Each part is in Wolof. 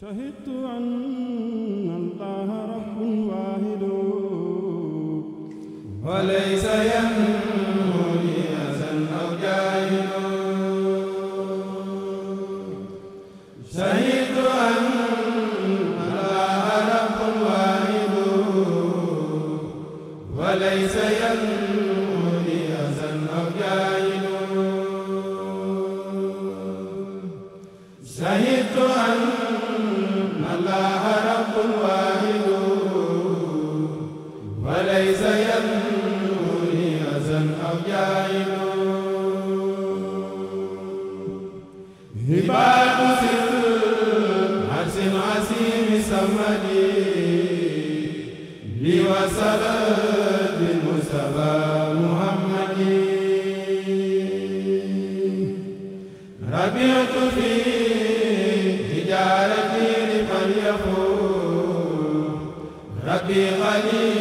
شهدت أن الله رب واحد وليس ينمو لي أزل أو جاهل rabbi xali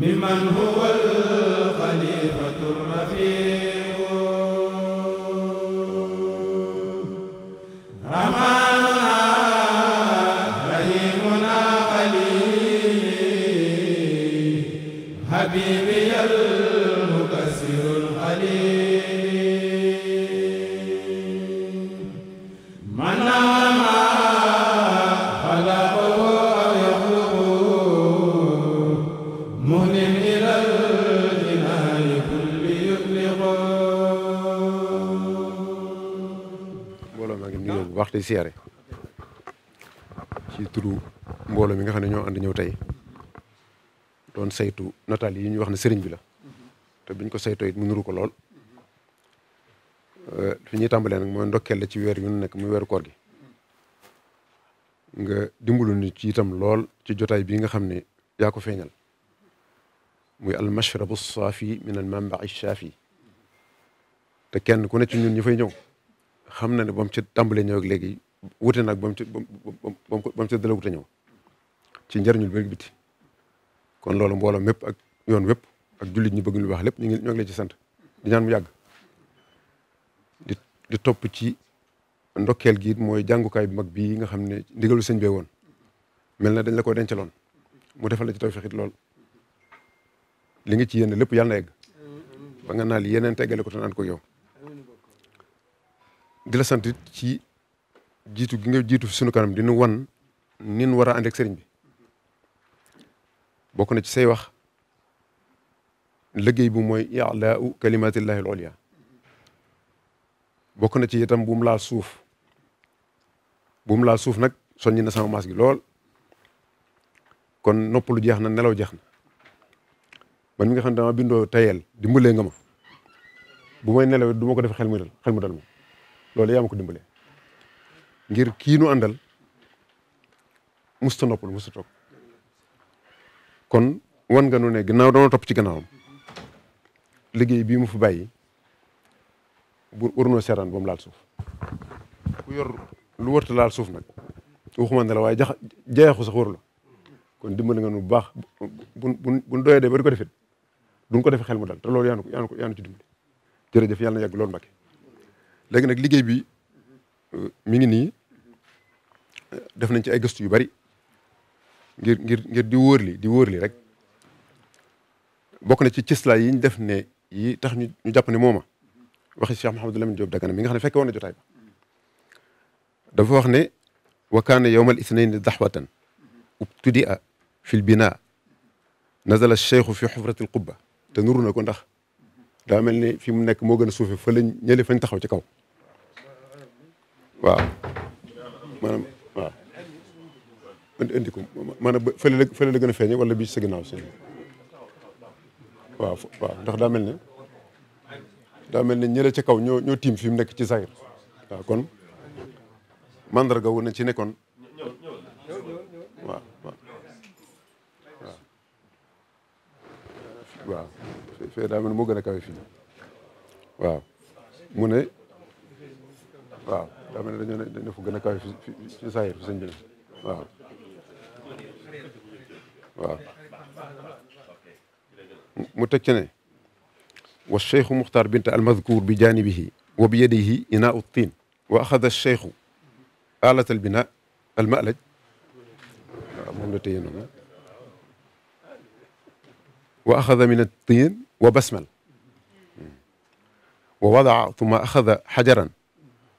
mimman huwa al-khalifa siyaare ci turu mbooloo mi nga xam ne ñoo ànd ñëw tey doon saytu nataal yi ñu wax ne sëriñ bi la te biñ ko saytoo it mu nuru ko lool euh, fi ñuy tàmbalee nag mooy ndokkeel la ci weer yu nekk muy weeru koor gi nga dimbalu ni ci itam lool ci jotaay bii nga xam ne yaa ko feeñal muy al mashrabu saafi min al manbai shaafi te kenn ku nekk ci ñun ñi fay ñëw xam na ne ba mu ca tàmbalee ñëw ak léegi wute nag ba mu ca ba ba mu ca dala wute ñëw ci njëriñul bi biti kon loolu mbooloo mépp ak yoon wépp ak jullit ñi bëgg lu baax lépp ñu ngi ñoo ngi ci sant di ñaan mu yàgg di topp ci ndokkeel gi mooy jàngukaay bu mag bii nga xam ne ndigalu sëñ bee woon mel na dañ la ko dencaloon mu defal la ci tawfeex it lool li nga ci yéene lépp yàlla na yegg ba nga naan yeneen teggale ko te naan ko yow di la sant ci jiitu gi nga jiitu fi sunu kanam di nu wan nin war a ànd sëriñ bi bokk na ci say wax liggéey bu mooy ilaau kalimatillahi al ulya bokk na ci itam bu mu laal suuf bu mu laal suuf nag soññi na sama maas lool kon noppalu jeex na nelaw jeex na man mi nga xam ne dama bindoo tayeel dimbalee nga ma bu may du ma ko def xel mu dal xel loolu yaa ma ko dimbale ngir kii nu àndal musta noppal musta toog kon wan nga nu ne ginnaaw doona topp ci gannaawam liggéey bii mu fi bàyyi bu warunoo seeraan ba laal suuf ku yor lu warta laal suuf nag waxuma ne waaye jax jayaxu sax waru la kon dimbali nga nu bu baax bu bu doyee de ba di ko defit ko defe xel mu dal te loolu yaa nu ko yaa nu ko yaa nu ci dimbali jërëjëf yàlla na yàgg loolu léegi nag liggéey bi euh, mi ngi nii def nañ ci ay gëstu yu bari ngir ngir ngir di wóor li di wóor li rek bokk na ci cislaa yi ñu def ne yi tax ñu ñu jàpp ne mooma waxi Cheikh Mouhamadou Lamine Diop Dagana mi nga xam ne fekke woon na jotaay dafa wax ne wa kaana yowmal ithnayn dahwatan ubtudia fi l bina nazala cheikhu fi xufrati l qubba te na ko ndax daa mel ni fi mu nekk moo gën a suufe fa lañ ñële fañ taxaw ci kaw waaw maanaam waaw indi indi ko maanaam fële la gën a feeñe wala bii ci sa ginnaaw seen waaw ndax daa mel ne daa mel ne ñële ci kaw ñoo ñoo tiim fi mu nekk ci saayir waaw kon mandarga wu ci nekkoon waaw fee daa mel moo gën a kawe fii waaw mu ne waaw daa mel ne dañoo ne fu gën a kawe fi fi saayir fi sëñ bi waaw waaw mu teg ci ne wa cheikhu muxtaar bint almadkour bi janibihi wa bi yadihi inaau tiin wa axada cheikhu alat albina almalaj waaw moom la téye noonu wa axada min attiin وبسمل ووضع ثم أخذ حجرا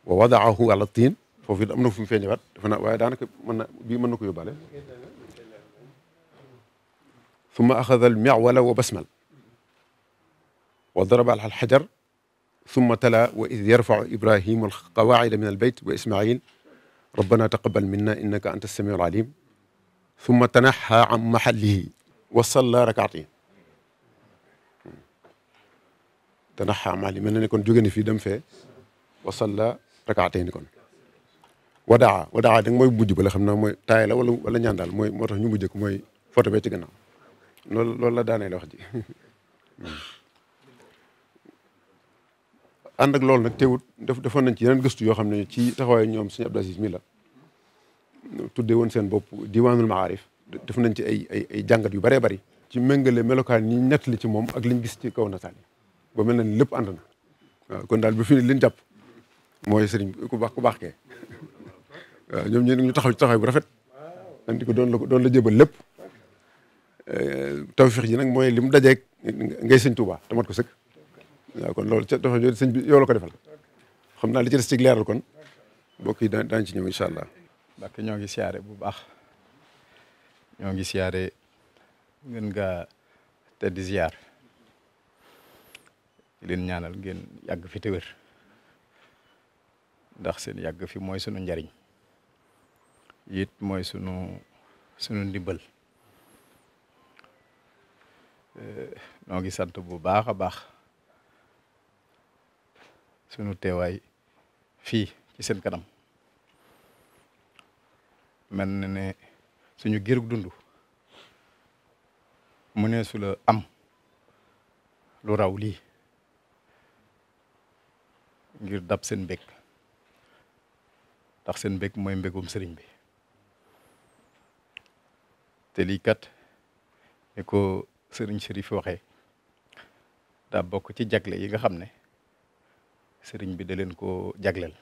ووضعه على الطين foofu it am na fu mu feeñewaat defe naa waaye daanaka mën na bii mën na ko yóbbaale ثم أخذ المعول وبسمل وضرب على الحجر ثم تلا وإذ يرفع إبراهيم القواعد من البيت وإسماعيل ربنا تقبل منا إنك أنت السميع العليم ثم تنحى عن محله وصلى ركعتين te ndax xaamal yi mel na ni kon jugéen na fii dem fee wasalla rakaatay ni kon wadaa wadaa da nga mooy mujj ba xam na mooy taay la wala ñaan daal mooy moo tax ñu mujjëk mooy photo bee ci gannaaw loolu loolu la daanee la wax ji hmm. ànd ak loolu nag teewut def defoon nañ ci yeneen gëstu yoo xam ne ci taxawaayu ñoom suñu Abdou Aziz mi la tuddee woon seen bopp diwaanul maarif def nañ ci ay ay ay jàngat yu bëree bari ci méngale melokaan yi li ci moom ak liñ gis ci kaw nataal yi ba mel na ni lépp ànd kon daal bu fi lim leen mooy sëriñ ku baax ku baax kee ñoom ñoom ñu taxaw ci bu rafet andi ko doon la doon la jébal lépp eh, tawfeex ji mooy li mu ngay sëñ Touba tamat ko sëkk waaw kon loolu ca dafa sëñ bi yow la ko defal xam naa li ci des ci kon mbokk yi daañu ci ñëw incha allah. Mbàkke ñoo ngi siyaare bu baax ñoo ngi siyaare ngeen nga tedd ziar. di ñaanal ngeen yàgg fi te wér ndax seen yàgg fi mooy sunu njariñ it mooy sunu sunu ndimbal eh, noo ngi sant bu baax a baax sunu teewaay fii ci seen kanam mel na ne suñu girug dundu mu ne su am lu raw lii ngir dab seen mbég ndax seen mbég mooy mbegum sëriñ bi te lii kat ni ko sëriñ Chérif waxee daa bokk ci jagle yi nga xam ne sëriñ bi da leen koo jagleel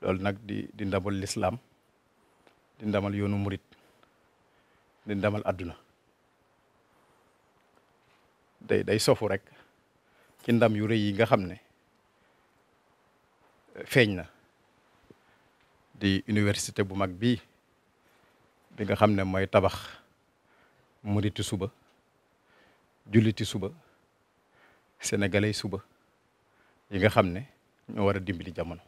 loolu nag di di ndamal lislaam di ndamal yoonu murit di ndamal àdduna day day sofu rek ci ndam yu rëy yi nga xam ne feeñ na di université bu mag bii bi nga xam ne mooy tabax muriti suba julliti suba sénégalais suba yi nga xam ne ñoo war a dimbali jamono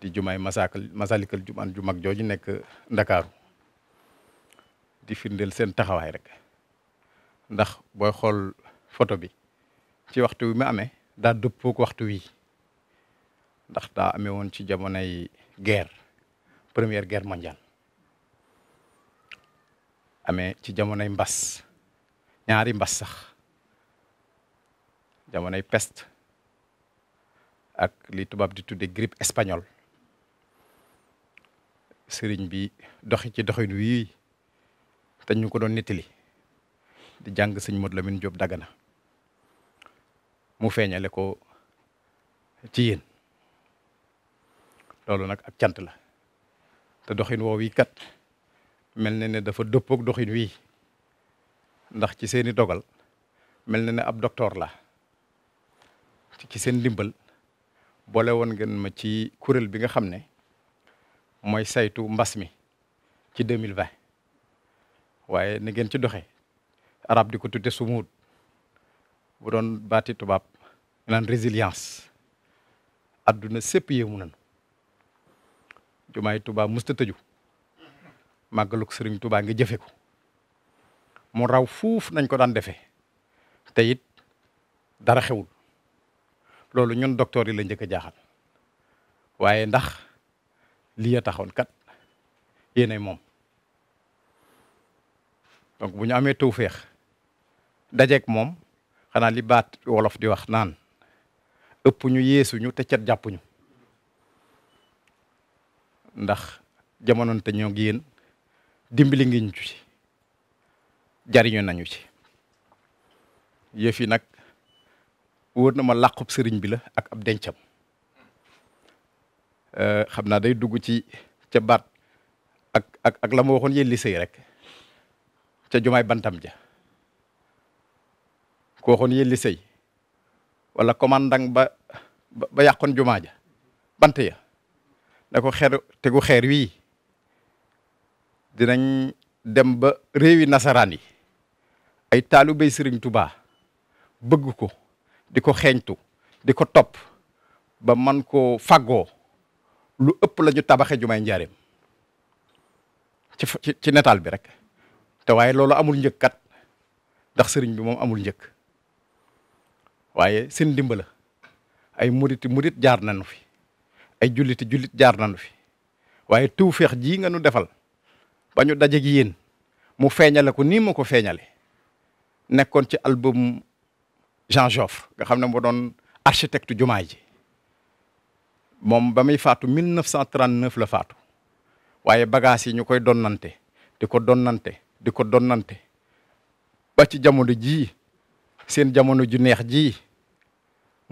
di jumaay masakal masalikal jumaan ju mag jooju nekk ndakaaru di firndeel seen taxawaay rek ndax booy xool photo bi ci waxtu wi mu amee daa dëppook waxtu wi ndax daa amee woon ci jamonoy guerre première guerre mondiale amee ci jamonoy mbas ñaari mbas sax jamonoy peste ak li tubaab di tudde grippe espagnole sëriñ bi doxi ci doxin wii te ñu ko doon nettali di jàng sëñ Modou Lamine Diop Dagana mu feeñale ko ci yéen loolu nag ak cant la te doxin woow yi kat mel na ne dafa dëppook doxin wii ndax ci seeni dogal mel na ne ab docteur la ci seen ndimbal boole woon ngeen ma ci kuréel bi nga xam ne mooy saytu mbas mi ci 2020 waaye ni ngeen ci doxe arab di ko tudde sumuud bu doon baati tubaab ñu naan résilience adduna sépp yéemu nañu jumaay tubaab musta tëju màggaluk sëriñ tubaa nga jëfe ko mu raw fuuf nañ ko daan defe te it dara xewul loolu ñun docteur yi la njëkk a jaaxal waaye ndax li ya taxoon kat yéenay moom donc bu ñu amee feex dajeek moom xanaa li baat wolof di wax naan ëpp ñu yeesuñu te cet jàppuñu ndax jamonoon te ñoo ngi yéen dimbali ngi ñu ci jariñu nañu ci yëf yi nag wóor na ma làqub sëriñ bi la ak ab dencam xam naa day dugg ci ca baat ak ak ak la waxoon yéen liseey rek ca jumaay bantam ja ko waxoon yelli sëy wala commandant ba ba yàqoon jumaa ja ya na xeer wii dinañ dem ba réewi nasaraan yi ay taalubéy sëriñ tubaa bëgg ko di ko xeeñtu di ko topp ba man ko faggoo lu ëpp la ñu tabaxe jumaay njaareem ci ci netaal bi rek te waaye loolu amul njëkkat ndax sëriñ bi moom amul njëkk waaye seen dimbala ay muriti murit jaar nañu fi ay julliti jullit jaar nañu fi waaye tawfeex jii nga nu defal ba ñu daje gi yéen mu feeñale ko nii ma ko feeñale nekkoon ci album Jean Joffre nga xam ne moo doon architecte jumaa ji moom ba muy faatu 1939 la faatu waaye bagages yi ñu koy donnante di ko donnante di ko donnante ba ci jamono jii seen jamono ju neex ji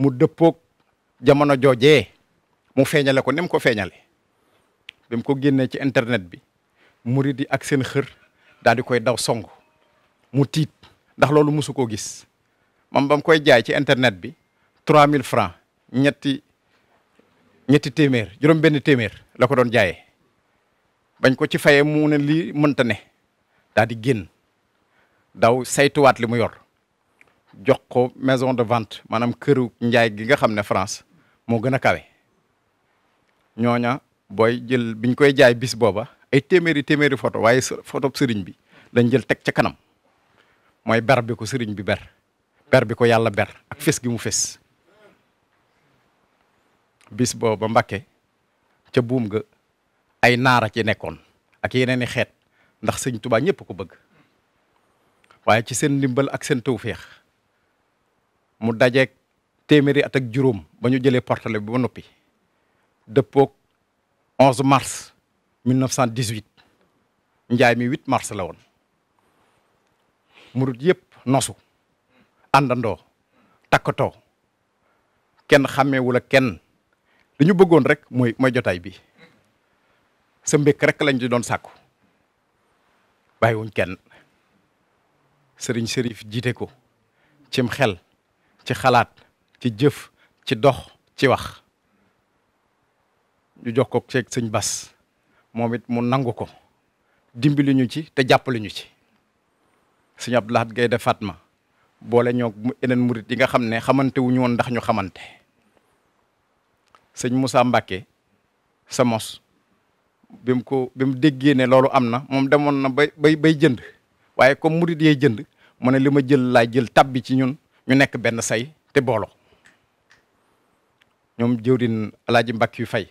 mu dëppook jamono joojee mu feeñale ko ni ko feeñale bi ko génnee ci internet bi muri di ak seen xër daal di koy daw song mu tiit ndax loolu mosu koo gis mam bam koy jaay ci internet bi 3000 francs ñetti ñetti téeméer juróom benn téeméer la ko doon jaayee bañ ko ci fayee mu ne lii mënta ne daal di génn daw saytuwaat li mu yor jox ko maison de vente maanaam këru njaay gi nga xam ne France moo gën a kawe ñooña booy jël biñ koy jaay bis booba ay téeméeri téeméeri photo waaye photo sëriñ bi lañ jël teg ca kanam mooy ber ko sëriñ bi ber ber bi ko yàlla ber ak fes gi mu fes bis booba mbake ca buum ga ay naara ci nekkoon ak yeneen i xeet ndax sëñ Tuubaa ñëpp ko bëgg waaye ci seen ndimbal ak seen tawféex mu dajeeg téeméeri at juróom ba ñu jëlee portale bi ba noppi dëppoog 11 mars 1918 njaay mi 8 mars la woon murit yëpp nosu àndandoo takkatoo kenn xàmmeewul ak kenn li ñu bëggoon rek mooy mooy jotaay bi sa mbékk rek lañ di doon sàkku bàyyiwuñ kenn sëriñ sërif jiite ko cim xel ci xalaat ci jëf ci dox ci wax ñu jox ko ceeg sëñ bas moom it mu nangu ko dimbali ñu ci te jàppali ñu ci sëñ Abdoulahat Gaynde ma boole ñoo eneen murit yi nga xam ne xamante woon ndax ñu xamante sëñ Moussa Mbacke sa mos bi mu ko bi mu déggee ne loolu am na moom demoon na bay bay bay jënd waaye comme murit yee jënd mu ne li ma jël laa jël tabbi ci ñun ñu nekk benn say te booloo ñoom jëwdin alaaji mbàkk yu fay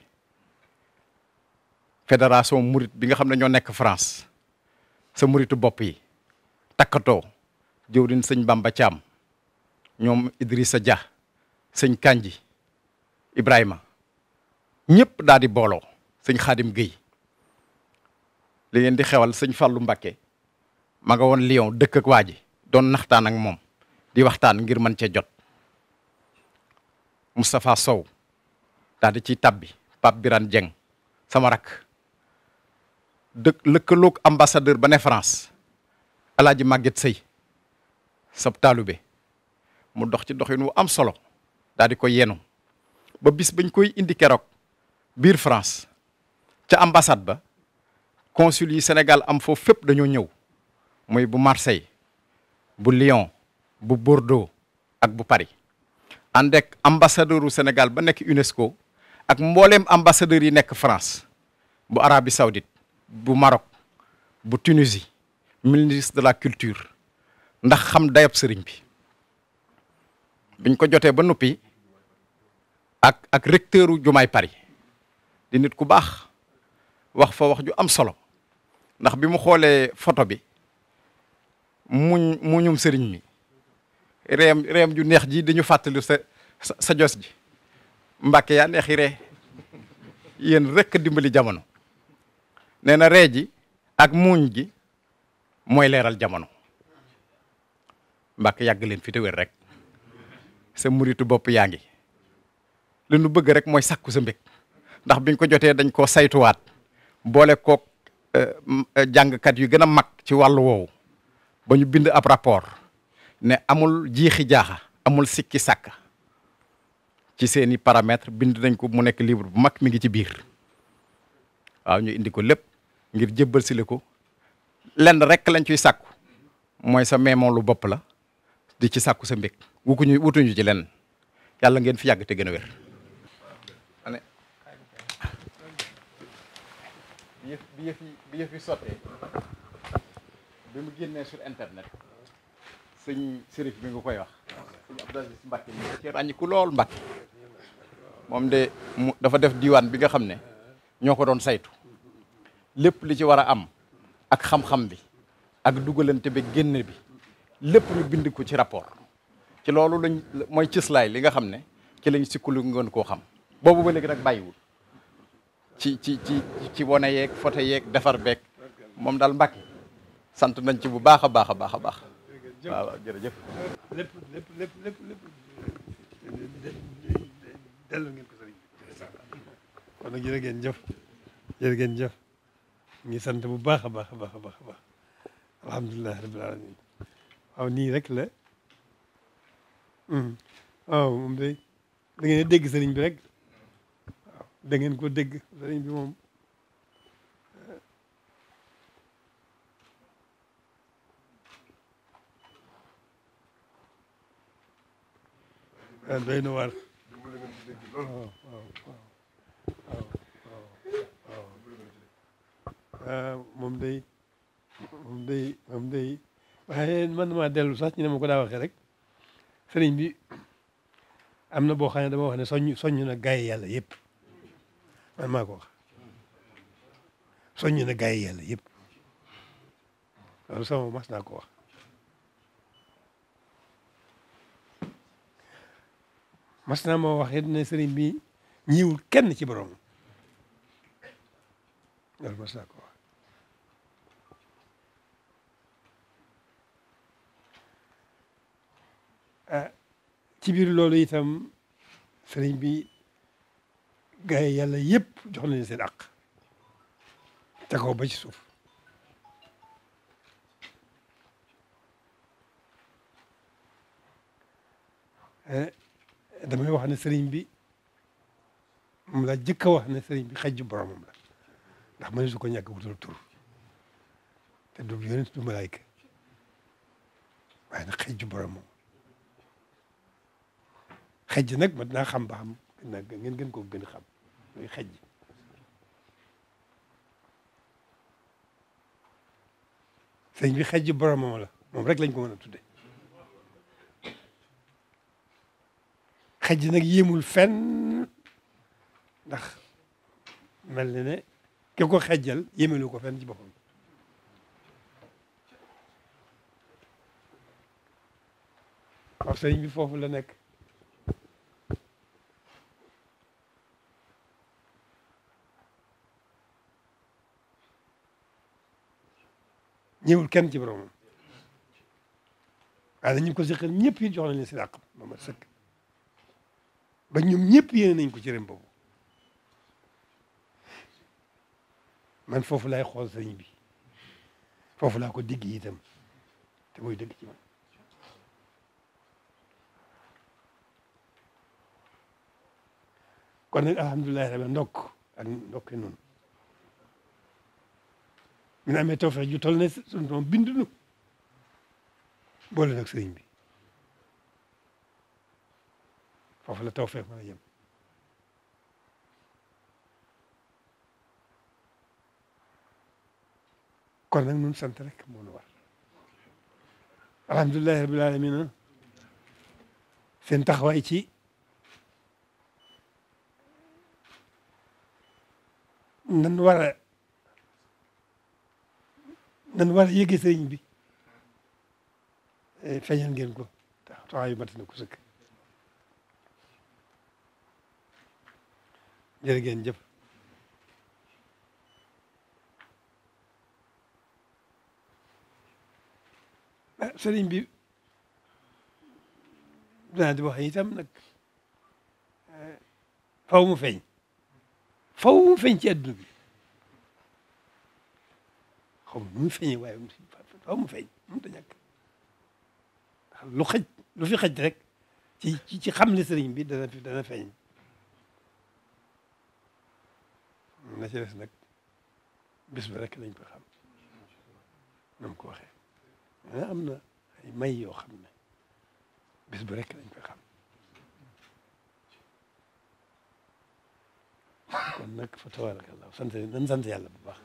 fédération murit bi nga xam ne ñoo nekk France sa muritu bopp yi takkatoo jëwrin sëñ Bamba Thiam ñoom Idrissa Dia sëñ Kanji Ibrahima ñëpp daal di booloo sëñ Xaadim Guèye li ngeen di xewal sëñ Fallou Mbakke ma woon Lyon dëkk ak waa ji doon naxtaan ak moom di waxtaan ngir mën cee jot Moustapha Sow daal di ciy tabbi Pape Birane Dieng sama rakk dëkk lëkkaloog ambassadeur ba ne France El màgget Maguette Sey sab taalube mu dox ci doxin wu am solo daal di ko yenu ba bis bañ koy indi keroog biir France ca ambassade ba consul yi Sénégal am foofu fépp dañoo ñëw mooy bu Marseille bu Lyon bu Bordeaux ak bu Paris ànd ak ambassadeur Sénégal ba nekk UNESCO ak mbooleem ambassadeur yi nekk France bu Arabie Saoudite bu marok bu Tunisie ministre de la culture ndax xam dayab sëriñ bi biñ ko jotee ba noppi ak ak recteur u Jumaay Paris di nit ku baax wax fa wax ju am solo ndax bi mu xoolee photo bi mu mu muñum sëriñ mi reem reem ju neex ji dañu fàttali sa sa jos ji mbàkke yaa neexi ree yéen rekk dimbali jamono nee na ree ji ak muuñ gi mooy leeral jamono mbàkke yàgg leen fi rek sa muritu bopp yaa ngi li nu bëgg rek mooy sàkku sa mbég ndax biñ ko jotee dañ koo saytuwaat boole kook eh, eh, jàngkat yu gën a mag ci wàllu woowu ba ñu bind ab rapport ne amul jiixi jaaxa amul sikki sàkk ci seeni paramètres bind nañ ko mu nekk livre bu mag mi ngi ci biir waaw ñu indi ko lépp ngir jëbbal si la ko lenn rek lañ koy sàkku mooy sa meemoon lu bopp la di ci sàkku sa mbég wukuñu wutuñu ci lenn yàlla ngeen fi yàgg te gën a wér bi internet sëñ sërif bi nga koy wax sëñ Abdou Aziz Mbacke mi ci de mu dafa def diwaan bi nga xam ne ñoo ko doon saytu lépp li ci war a am ak xam-xam bi ak dugalante bi génn bi lépp ñu bind ko ci rapport ci loolu lañ mooy cëslaay li nga xam ne ci lañ sikkalu ngeen koo xam boobu ba léegi nag bàyyiwul ci ci ci ci wane yeeg foto yeeg defar beeg moom daal Mbacke sant nañ ci bu baax a baax a baax a baax waaw waaw jërëjëf. lépp lépp lépp lépp lépp dellu ngeen ko sëriñ kon nag jërë ngeen jëf jërë ngeen ngi sant bu baax a baax a baax a baax a baax alhamdulilah rabbil nii rek la hmm. waaw moom day da ngeen dégg sëriñ bi rek waaw ko dégg sëriñ bi moom. ah doy na waar. waaw waaw waaw moom day moom day moom day waaye man maa dellu sax ñu ne ma ko daa waxee rek sëriñ bi am na boo xam ne dama wax ne soññ soññ na gaay yàlla yëpp man maa ko wax soññ na gaay yàlla yëpp loolu sama mas naa ko wax. mas naa moo waxee ne sëriñ bi ñiiwul kenn ci borom loolu mas ah, ci biir loolu itam sëriñ bi gars yi yàlla yëpp jox nañu seen àq ca ko ba ci suuf eh damay wax ne sëriñ bi moom la jëkk a wax ne sëriñ bi xajju boromam la ndax mëne su ko ñàkk wutal tur te du yonent du malaayka waaye nag xajju boromam xajj nag mën naa xam ba xam nag ngeen gën koo gën xam luy xajj sëriñ bi xajju boromam la moom rek lañ ko mën a tudde xaj nag yéemul fenn ndax mel na ne ki ko xejjal yéemalu ko fen ci boppam waaw sëriñ bi foofu la nekk ñëwul kenn ci boromam waaye dañu ko seqal ñëpp yi jox nañ leen seen àq ba ma sëkk ba ñoom ñëpp yéene nañ ko cëram boobu man foofu laay xool sëñ bi foofu laa ko digg itam te muy dëgg ci man kon nag alhamdulilahi rabbi ndokk ak ndokk noonu mi na amee tawfeex ju tol ne sunu doom bind nu boole nag sëñ bi foofu la tawfeex mën a jëm kon nag ñun sant rek moo nu war alhamdulilahi rabil alamina seen taxawaay ci nan war a nan war a yëge sëriñ bi eh, feeñal ngeen ko taxawaay yu mat na ko jërë ngeen jëf ah, sëriñ bi dinaa di wax itam nag eh, faw mu feeñ faw mu feeñ ci adduna bi xaw ma nu mu feeñee waaye faw mu feeñ mënut a lu fi xaj rek ci ci xam ne sëriñ bi dana dana feeñ na ci si nag bis ba rek lañ ko xam na mu ko waxee mais am na ay may yoo xam ne bis ba rek lañ ko xam kon nag fa tabarakallah sant nañ sant yàlla bu baax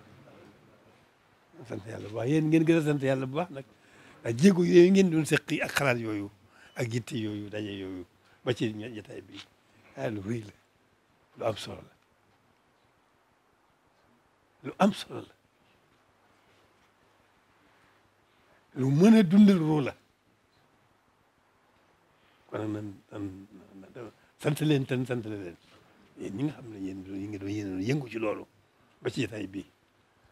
nañ sant yàlla bu baax ngeen gën a sant yàlla bu baax nag ndax jéego yooyu ngeen doon seqi ak xalaat yooyu ak yitte yooyu daje yooyu ba ci jataay bi ah lu rëy lu am solo la lu am solo la lu mën a dundal ruu la kon nan nan sant leen tan sant leen yéen ñi nga xam ne yéen ñi ngi doon yéen yëngu ci loolu ba ci jotaay bii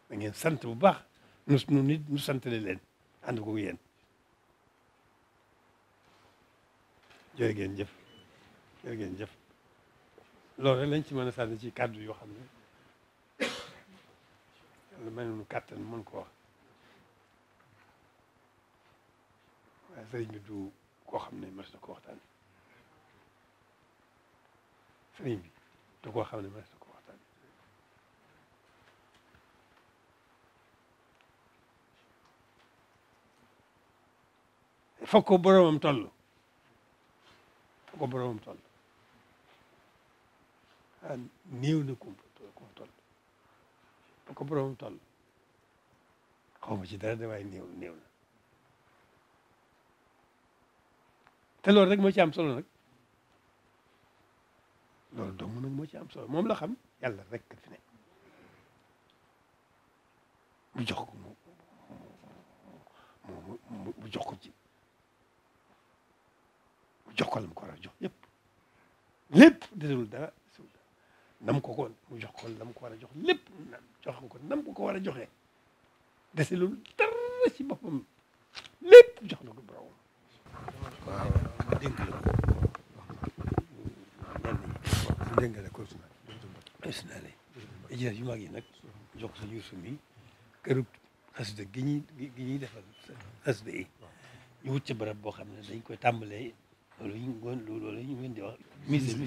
da ngeen sant bu baax nu nu nit nu sant leen ànd ko yéen jërë ngeen jëf jërë ngeen jëf loolu rek lañ ci mën a sànni ci kàddu yoo xam ne lu mel nu kàttan mën ko wax waaye sëriñ bi du koo xam ne mas na ko waxtaan sëriñ bi du koo xam ne mas na ko waxtaan foog ko boromam toll foog ko boromam toll ah néew ko boromam toll xaw ma ci dara de waaye néew néew te loolu rek moo ci am solo nag loolu dong nag moo ci am solo moom la xam yàlla rek fi ne mu jox ko mu mu mu jox ko ci mu jox ko la mu ko war a jox yëpp lépp dara nam ko ko jox ko nam ko war a jox lépp jox ko nam ko ko war a joxe dese loolu dara boppam lépp jox na ko borom. waaw ma ko. ma dénk la ko su ma la yu mag nag jox ko sa Yuusu mi gi ñuy gi ñuy defal yi ñu wut ca barab boo xam ne dañ koy tàmbalee. loolu ñu gën loolu ñu gën di wax mise bi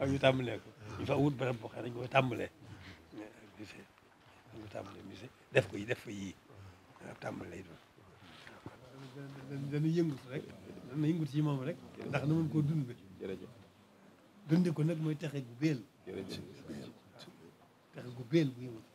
ak ñu tàmbalee ko ñu fa wut barab boo xam ne dañ koy tàmbalee mise dañ def ko yi def ko yii ab tàmbale doon dana yëngut rek dana yëngut ci moom rek ndax na mën koo dund jërëjëf dundi ko nag mooy texe gu béel jërëjëf texe gu béel bu yëngut